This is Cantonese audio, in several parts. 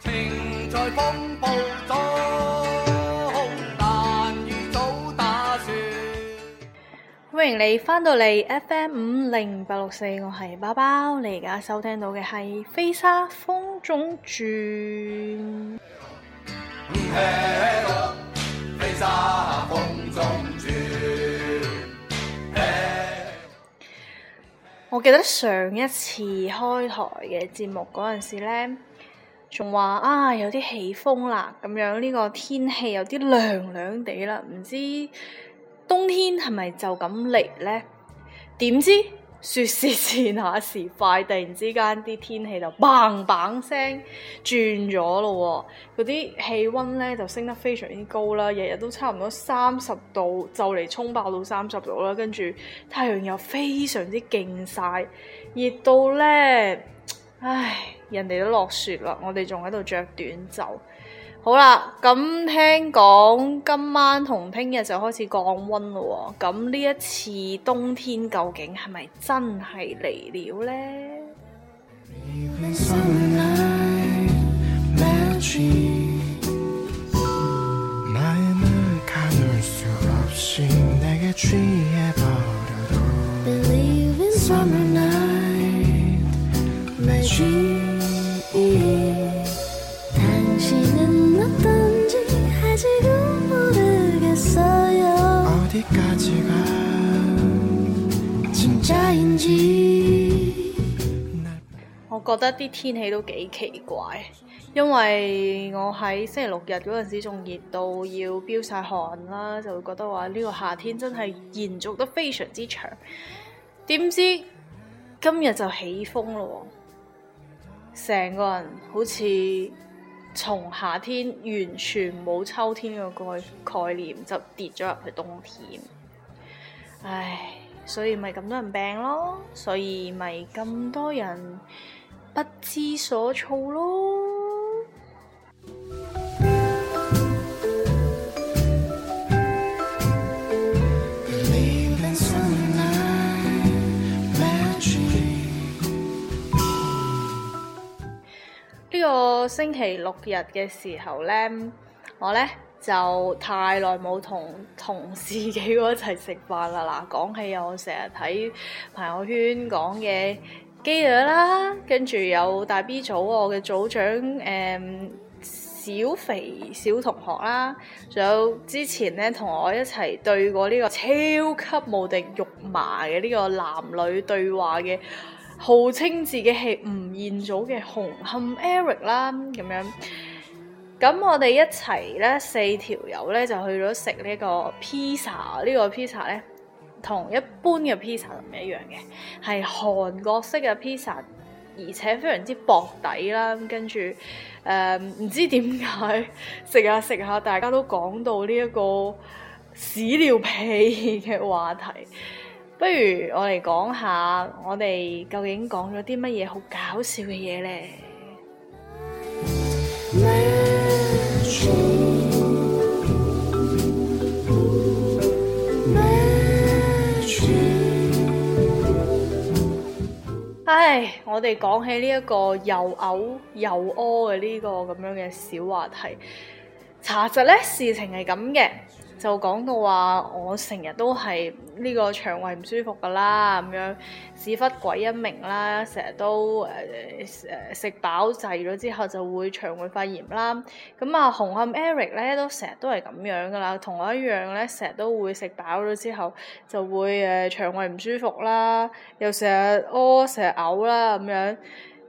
情在風暴中，難早打算。歡迎你翻到嚟 FM 五零八六四，我係包包，你而家收聽到嘅係《飛沙風中轉》。飛沙風中轉，我記得上一次開台嘅節目嗰陣時咧。仲話啊，有啲起風啦，咁樣呢個天氣有啲涼涼地啦，唔知冬天係咪就咁嚟呢？點知說時遲那時快，突然之間啲天氣就砰砰聲轉咗咯喎，嗰啲氣温咧就升得非常之高啦，日日都差唔多三十度，就嚟衝爆到三十度啦，跟住太陽又非常之勁晒，熱到咧，唉～人哋都落雪啦，我哋仲喺度着短袖。好啦，咁聽講今晚同聽日就開始降温喎。咁呢一次冬天究竟係咪真係嚟了呢？ 覺得啲天氣都幾奇怪，因為我喺星期六日嗰陣時仲熱到要飆晒汗啦，就會覺得話呢個夏天真係延續得非常之長。點知今日就起風咯，成個人好似從夏天完全冇秋天嘅概概念，就跌咗入去冬天。唉，所以咪咁多人病咯，所以咪咁多人不知所措咯！呢個星期六日嘅時候呢，我呢就太耐冇同同事幾個一齊食飯啦。嗱，講起我成日睇朋友圈講嘅。基啦，跟住有大 B 組我嘅組長誒、嗯、小肥小同學啦，仲有之前咧同我一齊對過呢個超級無敵肉麻嘅呢個男女對話嘅號稱自己係吳彥祖嘅紅磡 Eric 啦咁樣。咁我哋一齊咧四條友咧就去咗食呢個披薩，呢、這個披薩咧。同一般嘅 pizza 唔一樣嘅，係韓國式嘅 pizza，而且非常之薄底啦。跟住誒，唔知點解食下食下，大家都講到呢一個屎尿屁嘅話題。不如我哋講下，我哋究竟講咗啲乜嘢好搞笑嘅嘢咧？ 唉，我哋講起呢一個又嘔又屙嘅呢個咁樣嘅小話題，查實呢，事情係咁嘅。就講到話，我成日都係呢個腸胃唔舒服㗎啦，咁樣屎忽鬼一鳴啦，成日都誒誒、呃、食飽滯咗之後就會腸胃發炎啦。咁啊，紅磡 Eric 咧都成日都係咁樣㗎啦，同我一樣咧，成日都會食飽咗之後就會誒、呃、腸胃唔舒服啦，又成日屙，成日嘔啦咁樣。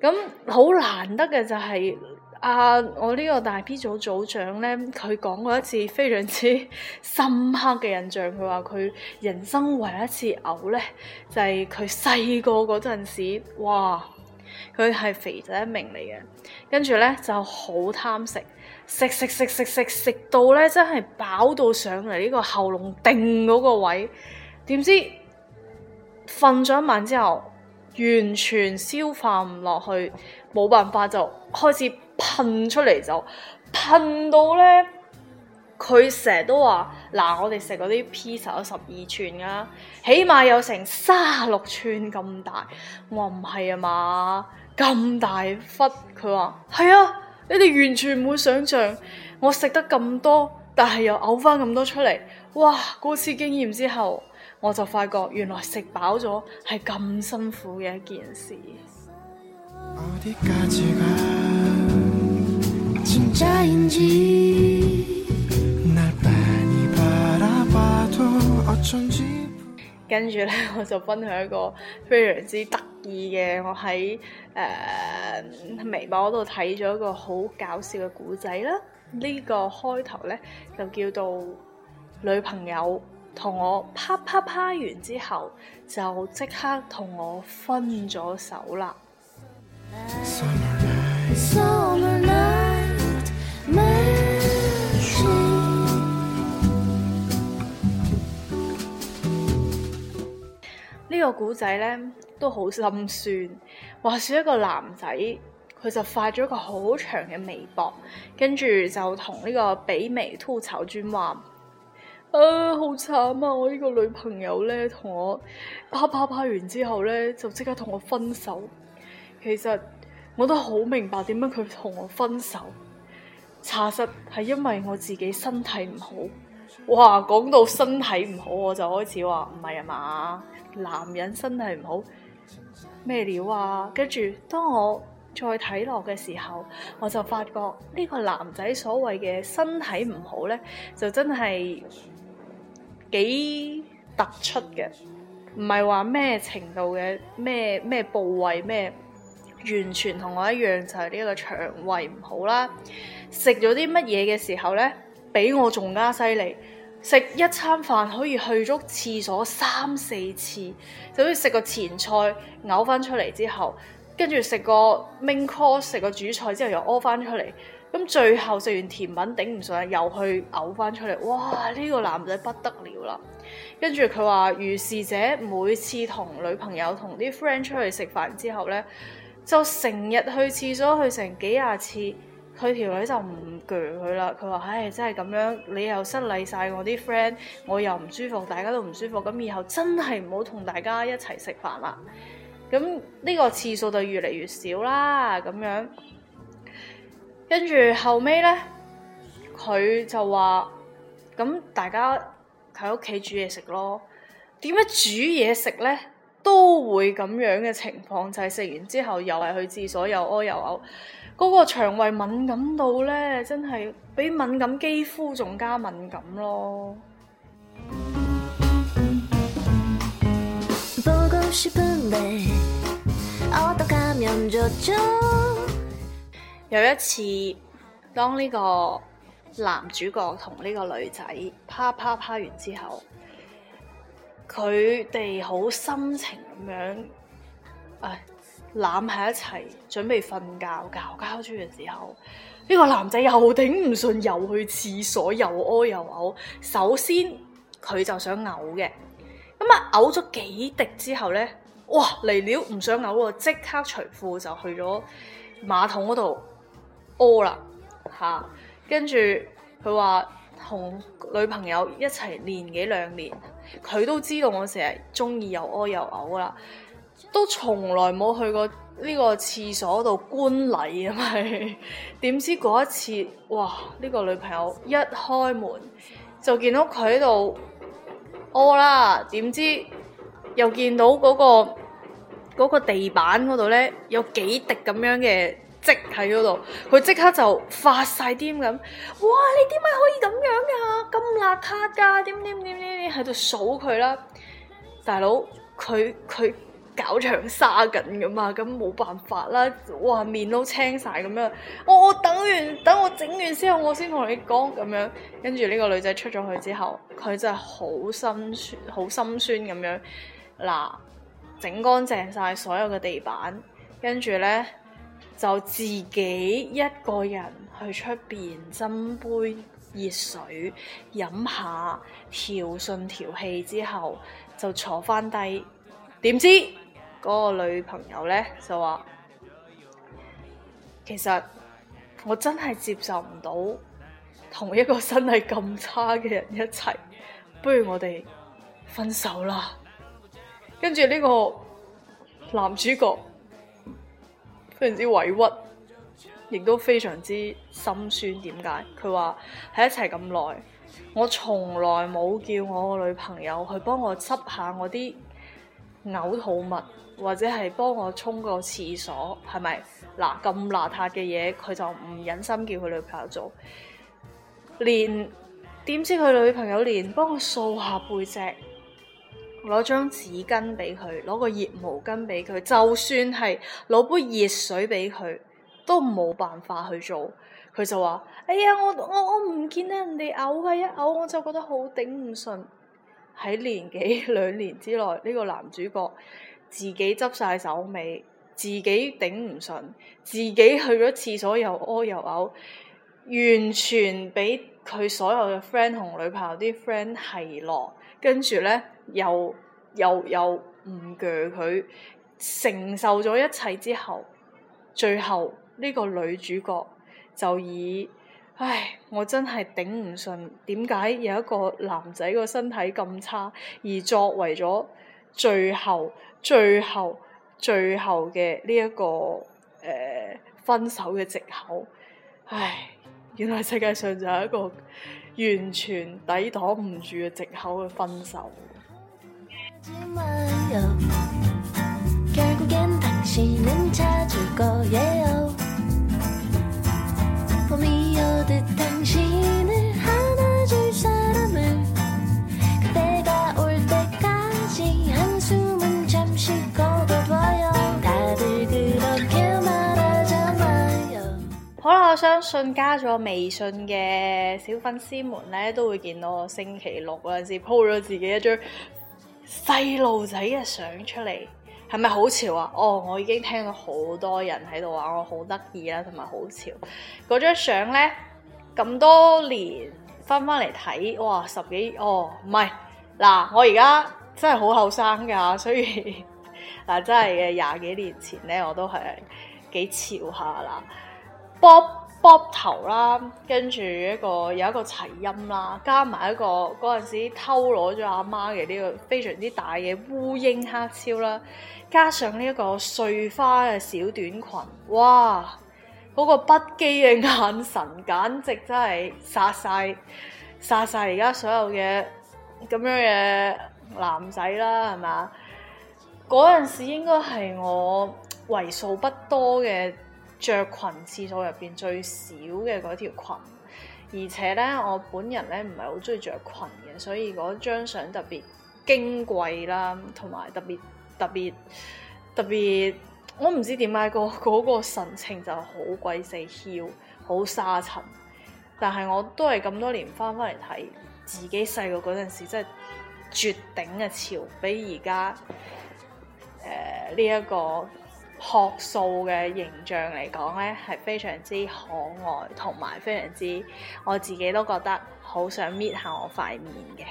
咁好難得嘅就係、是、～啊！Uh, 我呢個大 B 組組長呢，佢講過一次非常之深刻嘅印象。佢話佢人生唯一一次嘔呢，就係佢細個嗰陣時。哇！佢係肥仔一名嚟嘅，跟住呢，就好貪食，食食食食食食到呢，真係飽到上嚟呢個喉嚨定嗰個位。點知瞓咗一晚之後，完全消化唔落去，冇辦法就開始。噴出嚟就噴到咧，佢成日都話，嗱，我哋食嗰啲 pizza 十二寸㗎，起碼有成三六寸咁大。我話唔係啊嘛，咁大忽。佢話係啊，你哋完全冇想象我食得咁多，但係又嘔翻咁多出嚟。哇！嗰次經驗之後，我就發覺原來食飽咗係咁辛苦嘅一件事。嗯跟住咧，我就分享一個非常之得意嘅，我喺誒、呃、微博嗰度睇咗一個好搞笑嘅故仔啦。呢、呢個開頭咧就叫做女朋友同我啪啪啪完之後，就即刻同我分咗手啦。 呢個古仔呢，都好心酸，話說一個男仔，佢就發咗一個好長嘅微博，跟住就同呢個比美吐槽專話，轉話啊好慘啊！我呢個女朋友呢，同我啪啪啪完之後呢，就即刻同我分手。其實我都好明白點解佢同我分手，查實係因為我自己身體唔好。哇，講到身體唔好，我就開始話唔係啊嘛。男人身體唔好咩料啊！跟住，當我再睇落嘅時候，我就發覺呢、這個男仔所謂嘅身體唔好呢，就真係幾突出嘅，唔係話咩程度嘅咩咩部位咩，完全同我一樣就係、是、呢個腸胃唔好啦。食咗啲乜嘢嘅時候呢，比我仲加犀利。食一餐飯可以去足廁所三四次，就好似食個前菜嘔翻出嚟之後，跟住食個 main course 食個主菜之後又屙翻出嚟，咁最後食完甜品頂唔順又去嘔翻出嚟，哇！呢個男仔不得了啦，跟住佢話，如是者每次同女朋友同啲 friend 出去食飯之後呢，就成日去廁所去成幾廿次。佢條女就唔鋸佢啦，佢話：唉、哎，真係咁樣，你又失禮晒我啲 friend，我又唔舒服，大家都唔舒服，咁以後真係唔好同大家一齊食飯啦。咁、這、呢個次數就越嚟越少啦，咁樣跟住後尾呢，佢就話：咁大家喺屋企煮嘢食咯。點樣煮嘢食呢？都會咁樣嘅情況，就係、是、食完之後又係去廁所又屙、呃、又嘔、呃。嗰個腸胃敏感到咧，真係比敏感肌膚仲加敏感咯！ 有一次，當呢個男主角同呢個女仔啪啪啪完之後，佢哋好深情咁樣，唉～攬喺一齊準備瞓覺搞交鑄嘅時候，呢個男仔又頂唔順，又去廁所又屙又嘔。首先佢就想嘔嘅，咁啊嘔咗幾滴之後呢？哇，嚟了，唔想嘔喎，即刻除褲就去咗馬桶嗰度屙啦嚇。跟住佢話同女朋友一齊練幾兩年，佢都知道我成日中意又屙又嘔啦。都從來冇去過呢個廁所度觀禮啊！咪 點知嗰一次，哇！呢、這個女朋友一開門就見到佢喺度屙啦。點知又見到嗰、那個嗰、那個地板嗰度咧有幾滴咁樣嘅跡喺嗰度，佢即刻就發晒癲咁。哇！你點解可以咁樣㗎？咁邋遢㗎？點點點點點喺度數佢啦，大佬佢佢。搞長沙緊咁嘛，咁冇辦法啦，話面都青晒咁樣。我、哦、我等完，等我整完之後，我先同你講咁樣。跟住呢個女仔出咗去之後，佢真係好心酸，好心酸咁樣。嗱，整乾淨晒所有嘅地板，跟住呢，就自己一個人去出邊斟杯熱水飲下，調順調氣之後，就坐翻低。點知？嗰個女朋友呢，就話：其實我真係接受唔到同一個身體咁差嘅人一齊，不如我哋分手啦。跟住呢個男主角非常之委屈，亦都非常之心酸。點解？佢話喺一齊咁耐，我從來冇叫我個女朋友去幫我執下我啲嘔吐物。或者係幫我沖個廁所，係咪嗱咁邋遢嘅嘢，佢、啊、就唔忍心叫佢女朋友做。連點知佢女朋友連幫我掃下背脊，攞張紙巾俾佢，攞個熱毛巾俾佢，就算係攞杯熱水俾佢，都冇辦法去做。佢就話：哎呀，我我我唔見得人哋嘔嘅一嘔，我就覺得好頂唔順。喺年幾兩年之內，呢個男主角。自己執晒手尾，自己頂唔順，自己去咗廁所又屙又嘔，完全俾佢所有嘅 friend 同女朋友啲 friend 奚落，跟住咧又又又唔鋸佢，承受咗一切之後，最後呢個女主角就以，唉，我真係頂唔順，點解有一個男仔個身體咁差，而作為咗最後。最後、最後嘅呢一個誒、呃、分手嘅藉口，唉，原來世界上就係一個完全抵擋唔住嘅藉口嘅分手。信加咗微信嘅小粉絲們咧，都會見到我星期六嗰陣時鋪咗自己一張細路仔嘅相出嚟，係咪好潮啊？哦，我已經聽到好多人喺度話我好得意啦，同埋好潮。嗰張相咧，咁多年翻翻嚟睇，哇，十幾，哦，唔係，嗱，我而家真係好後生㗎，所以嗱，真係嘅廿幾年前咧，我都係幾潮下啦，波。Bob 頭啦，跟住一個有一個齊音啦，加埋一個嗰陣時偷攞咗阿媽嘅呢個非常之大嘅烏蠅黑超啦，加上呢一個碎花嘅小短裙，哇！嗰個不羈嘅眼神，簡直真係殺晒殺晒而家所有嘅咁樣嘅男仔啦，係嘛？嗰陣時應該係我為數不多嘅着裙，次所入邊最少嘅嗰條裙，而且咧，我本人咧唔係好中意着裙嘅，所以嗰張相特別矜貴啦，同埋特別特別特別，我唔知點解、嗰個嗰、嗰個神情就好鬼死囂，好沙塵，但係我都係咁多年翻翻嚟睇自己細個嗰陣時，時真，真係絕頂嘅潮，比而家誒呢一個。樸素嘅形象嚟講咧，係非，非常之可愛，同埋非常之我自己都覺得好想搣下我塊面嘅。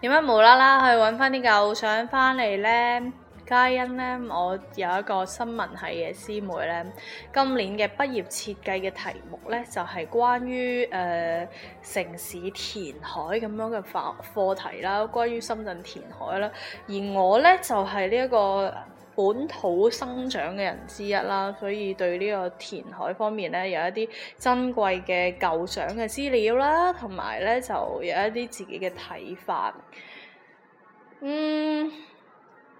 點解無啦啦去揾翻啲舊相翻嚟咧？皆因咧，我有一個新聞系嘅師妹咧，今年嘅畢業設計嘅題目咧，就係、是、關於誒、呃、城市填海咁樣嘅課課題啦，關於深圳填海啦。而我咧就係呢一個本土生長嘅人之一啦，所以對呢個填海方面咧，有一啲珍貴嘅舊相嘅資料啦，同埋咧就有一啲自己嘅睇法。嗯。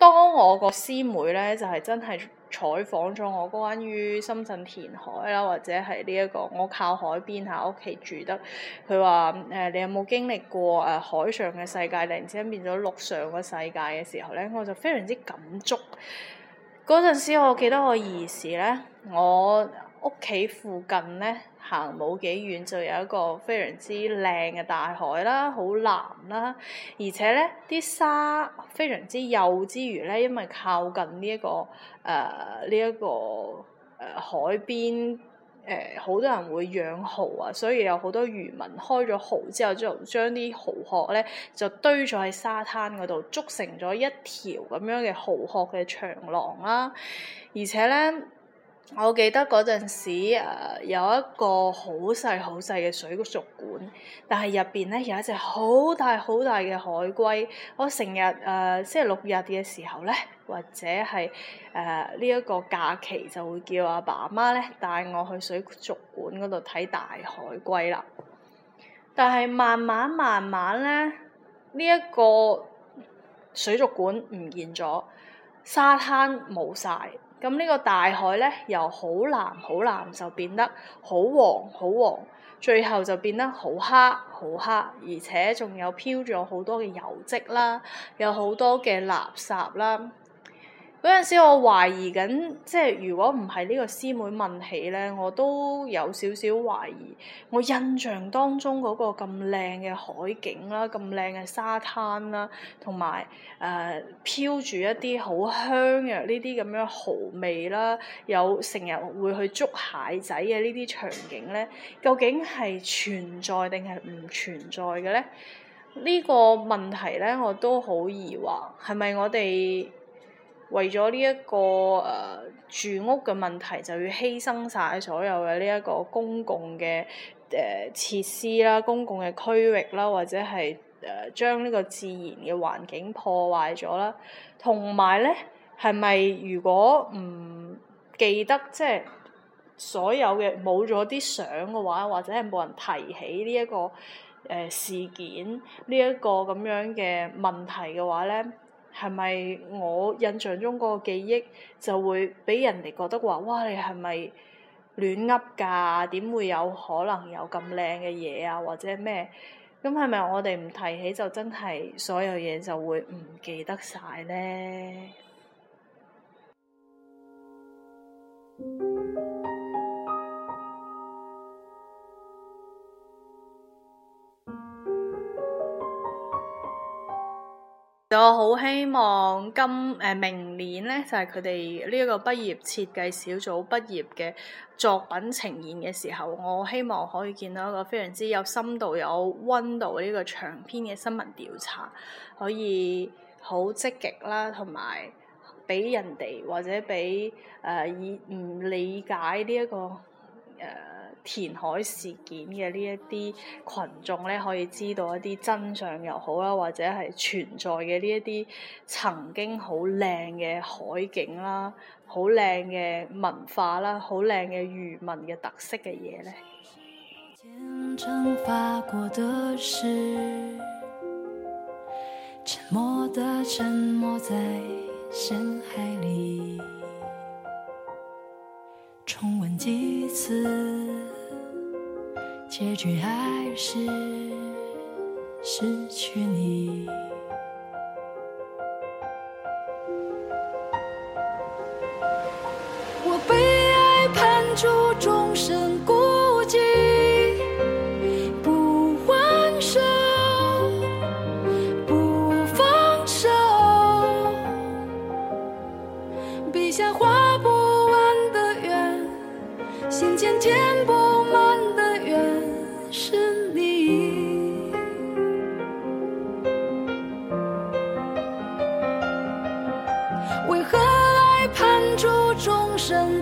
當我個師妹咧，就係、是、真係採訪咗我關於深圳填海啦，或者係呢一個我靠海邊下屋企住得，佢話誒你有冇經歷過誒、呃、海上嘅世界，突然之間變咗陸上嘅世界嘅時候咧，我就非常之感觸。嗰陣時我記得我兒時咧，我。屋企附近咧，行冇幾遠就有一個非常之靚嘅大海啦，好藍啦、啊，而且咧啲沙非常之幼之餘咧，因為靠近呢、這、一個誒呢一個誒、呃、海邊，誒、呃、好多人會養蠔啊，所以有好多漁民開咗蠔之後就之後，就將啲蠔殼咧就堆咗喺沙灘嗰度，築成咗一條咁樣嘅蠔殼嘅長廊啦、啊，而且咧。我記得嗰陣時，呃，有一個好細好細嘅水族館，但係入邊咧有一隻好大好大嘅海龜。我成日誒星期六日嘅時候咧，或者係誒呢一個假期，就會叫阿爸阿媽咧帶我去水族館嗰度睇大海龜啦。但係慢慢慢慢咧，呢一個水族館唔見咗，沙灘冇晒。咁呢個大海咧，由好藍好藍就變得好黃好黃，最後就變得好黑好黑，而且仲有漂咗好多嘅油漬啦，有好多嘅垃圾啦。嗰陣時，我懷疑緊，即係如果唔係呢個師妹問起咧，我都有少少懷疑。我印象當中嗰個咁靚嘅海景啦，咁靚嘅沙灘啦，同埋誒飄住一啲好香嘅呢啲咁樣蠔味啦，有成日會去捉蟹仔嘅呢啲場景咧，究竟係存在定係唔存在嘅咧？呢、呢個問題咧，我都好疑惑，係咪我哋？為咗呢一個誒、呃、住屋嘅問題，就要犧牲晒所有嘅呢一個公共嘅誒、呃、設施啦、公共嘅區域啦，或者係誒、呃、將呢個自然嘅環境破壞咗啦。同埋咧，係咪如果唔記得即係、就是、所有嘅冇咗啲相嘅話，或者係冇人提起呢、這、一個誒、呃、事件呢一、這個咁樣嘅問題嘅話咧？係咪我印象中個記憶就會俾人哋覺得話，哇！你係咪亂噏㗎？點會有可能有咁靚嘅嘢啊？或者咩？咁係咪我哋唔提起就真係所有嘢就會唔記得晒呢？就好希望今誒、呃、明年咧，就係佢哋呢一個畢業設計小組畢業嘅作品呈現嘅時候，我希望可以見到一個非常之有深度、有溫度呢個長篇嘅新聞調查，可以好積極啦，同埋俾人哋或者俾誒、呃、以唔理解呢、這、一個誒。呃填海事件嘅呢一啲群眾咧，可以知道一啲真相又好啦，或者係存在嘅呢一啲曾經好靚嘅海景啦，好靚嘅文化啦，好靚嘅漁民嘅特色嘅嘢咧。 結局還是失去你。為何愛判處眾生？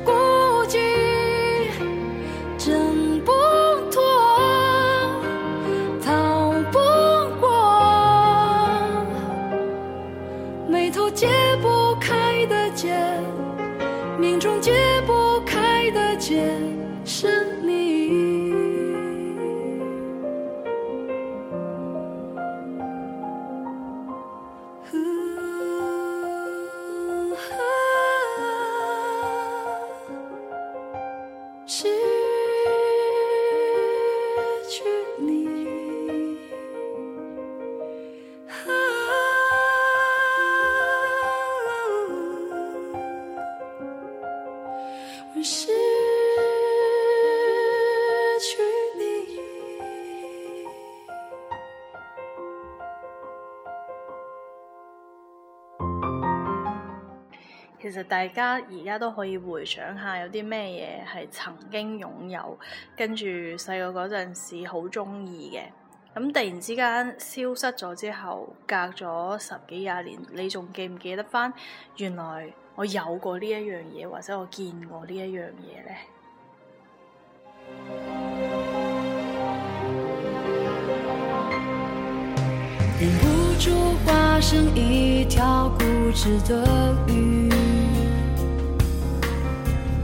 大家而家都可以回想下，有啲咩嘢係曾經擁有，跟住細個嗰陣時好中意嘅，咁突然之間消失咗之後，隔咗十幾廿年，你仲記唔記得翻？原來我有過呢一樣嘢，或者我見過呢化身一樣嘢呢。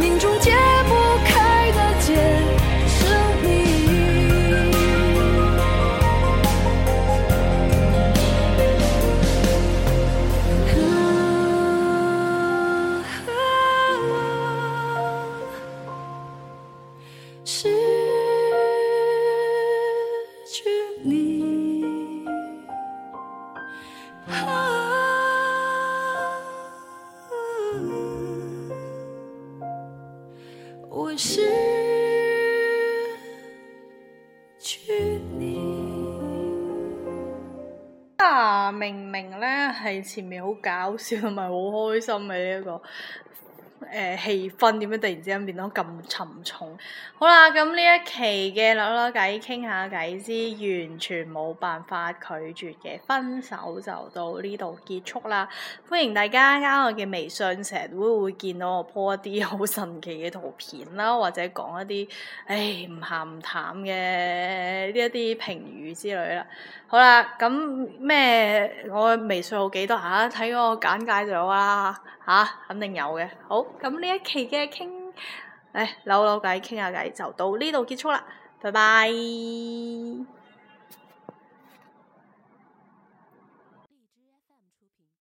命中劫。前面好搞笑同埋好開心嘅呢一個誒、呃、氣氛，點解突然之間變到咁沉重？ 好啦，咁呢一期嘅扭扭計傾下計之，完全冇辦法拒絕嘅分手就到呢度結束啦！歡迎大家加我嘅微信，成日都會，會見到我 po 一啲好神奇嘅圖片啦，或者講一啲誒唔咸唔淡嘅呢一啲評語之類啦。好啦，咁咩？我微信號幾多啊？睇我簡介就有啦，嚇，啊啊，肯定有嘅。好，咁呢一期嘅傾，誒，扭扭計傾下偈就到呢度結束啦，拜拜。